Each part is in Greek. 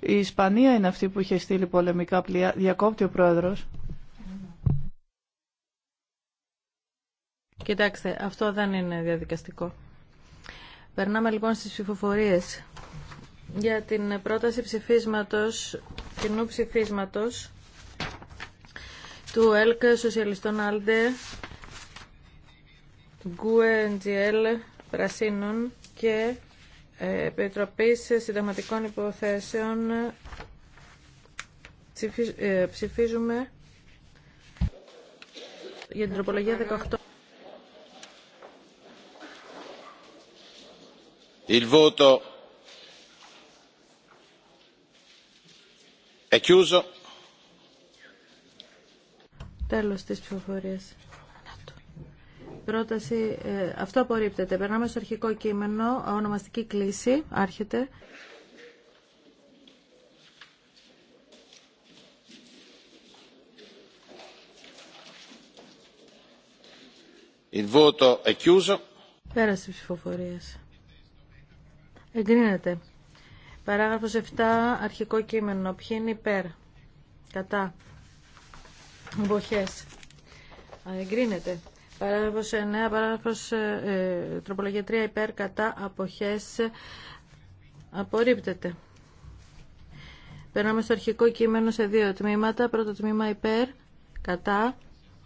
Η Ισπανία είναι αυτή που είχε στείλει πολεμικά πλοία. Διακόπτει ο πρόεδρος. Κοιτάξτε, αυτό δεν είναι διαδικαστικό. Περνάμε λοιπόν στις ψηφοφορίες για την πρόταση ψηφίσματος, κοινού ψηφίσματος του ΕΛΚ Σοσιαλιστών ΑΛΔΕ, του ΓΚΟΕ, Πρασίνων και Επιτροπής Συνταγματικών Υποθέσεων ε, ψηφίζουμε για την τροπολογία 18. Il voto è chiuso. Τέλος της ψηφοφορίας πρόταση, ε, αυτό απορρίπτεται. Περνάμε στο αρχικό κείμενο, ονομαστική κλίση, άρχεται. Il voto è chiuso. Πέρασε ψηφοφορία. Εγκρίνεται. Παράγραφο 7, αρχικό κείμενο. Ποιοι είναι υπέρ. Κατά. εμποχέ. Εγκρίνεται. Παράγραφος 9, παράγραφος ε, ε τροπολογία 3 υπέρ κατά αποχές απορρίπτεται. Περνάμε στο αρχικό κείμενο σε δύο τμήματα. Πρώτο τμήμα υπέρ, κατά,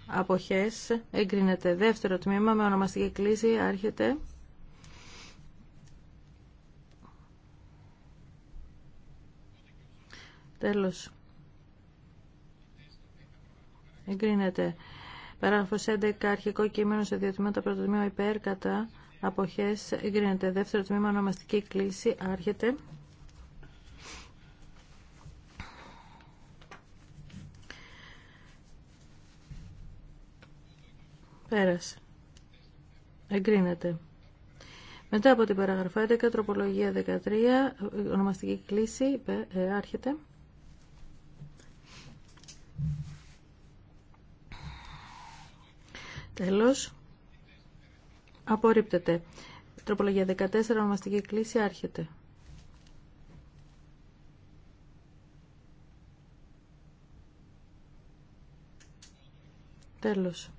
αποχές, εγκρίνεται. Δεύτερο τμήμα με ονομαστική κλίση, άρχεται. Τέλος. Εγκρίνεται. Παράγραφό 11. Αρχικό κείμενο σε δύο τμήματα. Πρώτο τμήμα υπέρ κατά Αποχέ. εγκρίνεται. Δεύτερο τμήμα ονομαστική κλίση. Άρχεται. Πέρασε. Εγκρίνεται. Μετά από την παραγραφή 11, τροπολογία 13, ονομαστική κλίση, ε, άρχεται. Τέλος. Απορρίπτεται. Τροπολογία 14, ονομαστική κλίση, άρχεται. Τέλος.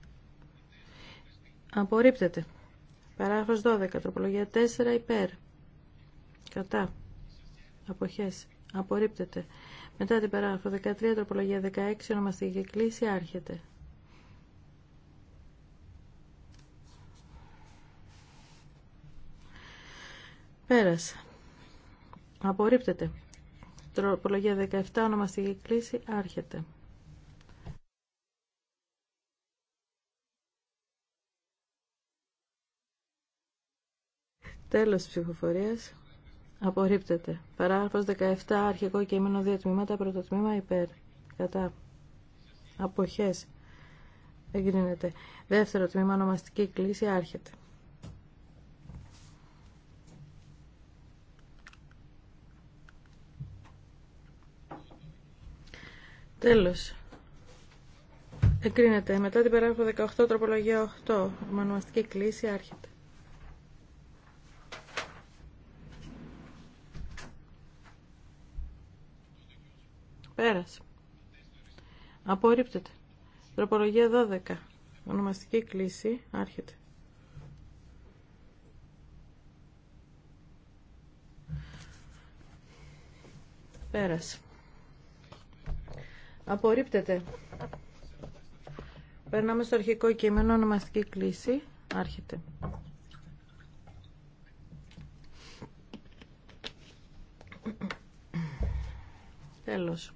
Απορρίπτεται. Παράγραφος 12, τροπολογία 4, υπέρ. Κατά. Αποχές. Απορρίπτεται. Μετά την παράγραφο 13, τροπολογία 16, ονομαστική κλίση, άρχεται. Πέρασε. Απορρίπτεται. Τροπολογία 17, ονομαστική κλίση, άρχεται. Τέλος της ψηφοφορίας. Απορρίπτεται. Παράγραφος 17, αρχικό κείμενο, δύο τμήματα, πρώτο τμήμα, υπέρ. Κατά. Αποχές. Εγκρίνεται. Δεύτερο τμήμα, ονομαστική κλίση, άρχεται. Τέλος. Εκρίνεται. Μετά την παράγραφο 18, τροπολογία 8, ονομαστική κλίση, άρχεται. Πέρασε. Απορρίπτεται. Τροπολογία 12. Ονομαστική κλίση. Άρχεται. Πέρασε. Απορρίπτεται. Περνάμε στο αρχικό κείμενο, ονομαστική κλίση. Άρχεται. Τέλος.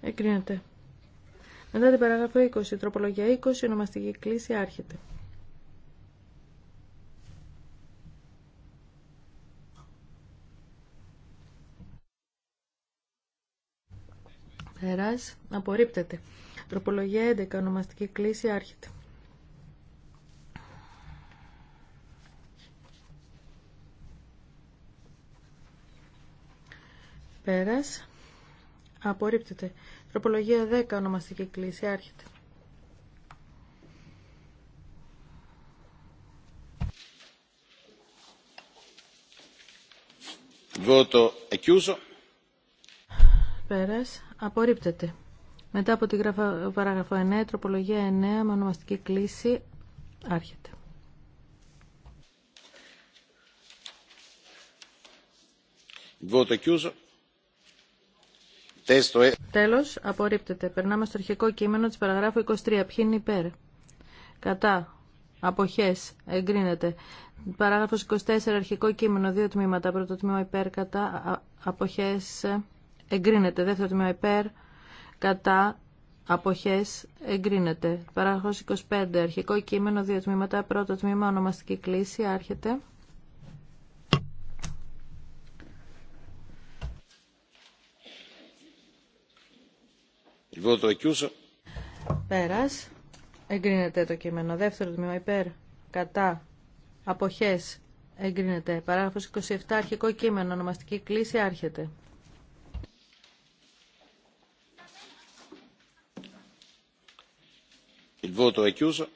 Εκρίνεται. Μετά την παραγραφή 20, τροπολογία 20, ονομαστική κλίση άρχεται. αποχές απορρίπτεται. Τροπολογία 11 ονομαστική κλίση άρχεται. Πέρας. Απορρίπτεται. Τροπολογία 10 ονομαστική κλίση άρχεται. Voto è chiuso. Πέρας. Απορρίπτεται. Μετά από την παράγραφο 9, τροπολογία 9, με ονομαστική κλίση, άρχεται. Τέλος, απορρίπτεται. Περνάμε στο αρχικό κείμενο της παραγράφου 23. Ποιοι είναι υπέρ. Κατά. Αποχές. Εγκρίνεται. Παράγραφος 24. Αρχικό κείμενο. Δύο τμήματα. Πρώτο τμήμα υπέρ. Κατά. Αποχές εγκρίνεται. Δεύτερο τμήμα υπέρ, κατά, αποχές, εγκρίνεται. Παράγραφος 25, αρχικό κείμενο, δύο τμήματα, πρώτο τμήμα, ονομαστική κλίση, άρχεται. Πέρας. Εγκρίνεται το κείμενο. Δεύτερο τμήμα υπέρ. Κατά. Αποχές. Εγκρίνεται. Παράγραφος 27. Αρχικό κείμενο. Ονομαστική κλίση. Άρχεται. Il voto è chiuso.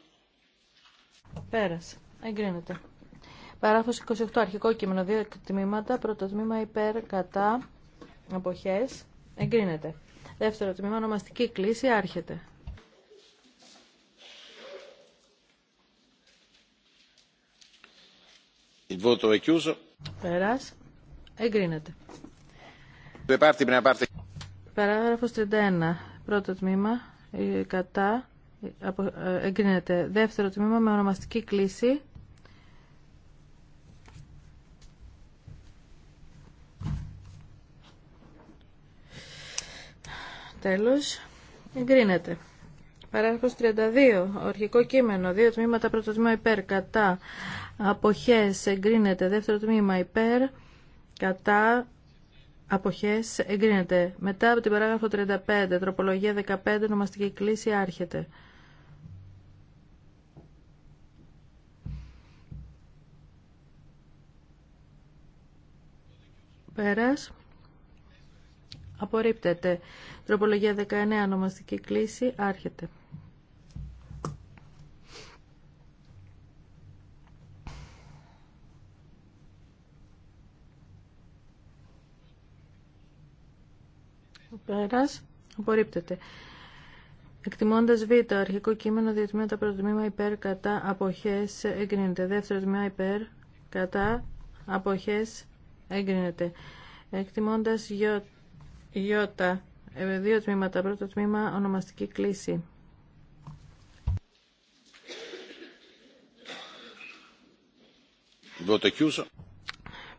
Εγκρίνεται. Παράγραφος 28. Αρχικό κείμενο. Δύο τμήματα. Πρώτο τμήμα υπέρ κατά αποχέ. Εγκρίνεται. Δεύτερο τμήμα. Ονομαστική κλίση. Άρχεται. Il voto è chiuso. Πέρας. Εγκρίνεται. Παράγραφο 31. Πρώτο τμήμα. Ε, κατά ε, εγκρίνεται. Δεύτερο τμήμα με ονομαστική κλίση. Τέλος, εγκρίνεται. Παράγραφος 32. Ορχικό κείμενο. Δύο τμήματα. Πρώτο τμήμα υπέρ. Κατά. Αποχές. Εγκρίνεται. Δεύτερο τμήμα υπέρ. Κατά. Αποχές εγκρίνεται. Μετά από την παράγραφο 35, τροπολογία 15, νομαστική κλίση άρχεται. Πέρας. Απορρίπτεται. Τροπολογία 19, νομαστική κλίση άρχεται. Πέρας. Απορρίπτεται. Εκτιμώντα β, αρχικό κείμενο, δύο τα πρώτο τμήμα υπέρ, κατά, αποχές, εγκρίνεται. Δεύτερο τμήμα υπέρ, κατά, αποχές, εγκρίνεται. Εκτιμώντας Ι, ε, δύο τμήματα, πρώτο τμήμα, ονομαστική κλίση.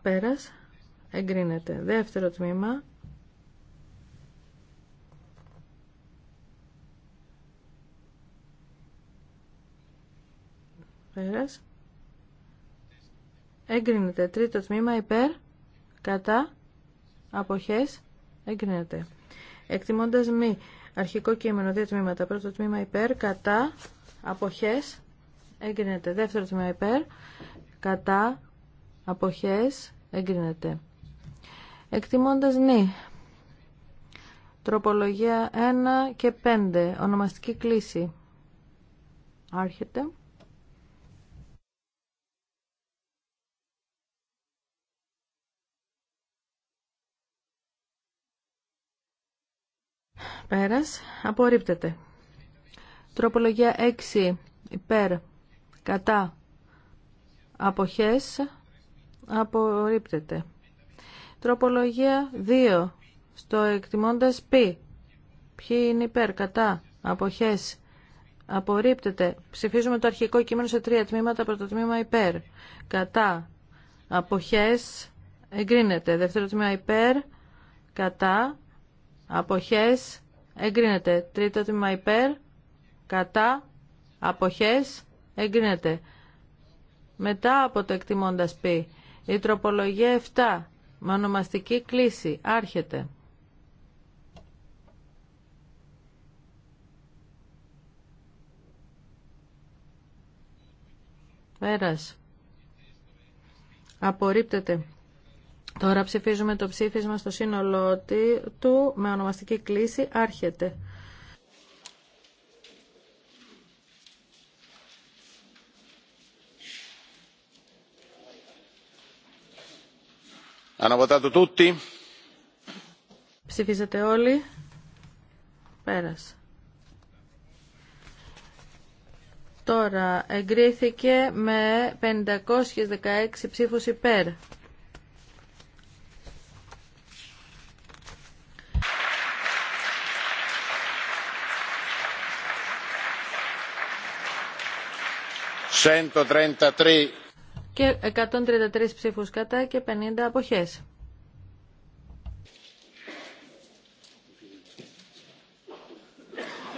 Πέρας, εγκρίνεται. Δεύτερο τμήμα, Πέρας. Εγκρίνεται. Τρίτο τμήμα υπέρ. Κατά. Αποχές. Εγκρίνεται. Εκτιμώντας μη. Αρχικό κείμενο. Δύο τμήματα. Πρώτο τμήμα υπέρ. Κατά. Αποχές. Εγκρίνεται. Δεύτερο τμήμα υπέρ. Κατά. Αποχές. Εγκρίνεται. Εκτιμώντας νη. Τροπολογία 1 και 5. Ονομαστική κλίση. Άρχεται. Πέρας. Απορρίπτεται. Τροπολογία 6. Υπέρ. Κατά. Αποχές. Απορρίπτεται. Τροπολογία 2. Στο εκτιμώντας π. Ποιοι είναι υπέρ. Κατά. Αποχές. Απορρίπτεται. Ψηφίζουμε το αρχικό κείμενο σε τρία τμήματα. Πρώτο τμήμα υπέρ. Κατά. Αποχές. Εγκρίνεται. Δεύτερο τμήμα υπέρ. Κατά αποχές εγκρίνεται. Τρίτο τμήμα υπέρ, κατά, αποχές εγκρίνεται. Μετά από το εκτιμώντας π, η τροπολογία 7, με ονομαστική κλίση, άρχεται. Πέρας. Απορρίπτεται. Τώρα ψηφίζουμε το ψήφισμα στο σύνολό του με ονομαστική κλίση «Άρχεται». Ψηφίζετε όλοι. Πέρασε. Τώρα εγκρίθηκε με 516 ψήφους υπέρ. 133 και 133 ψήφους κατά και 50 αποχές.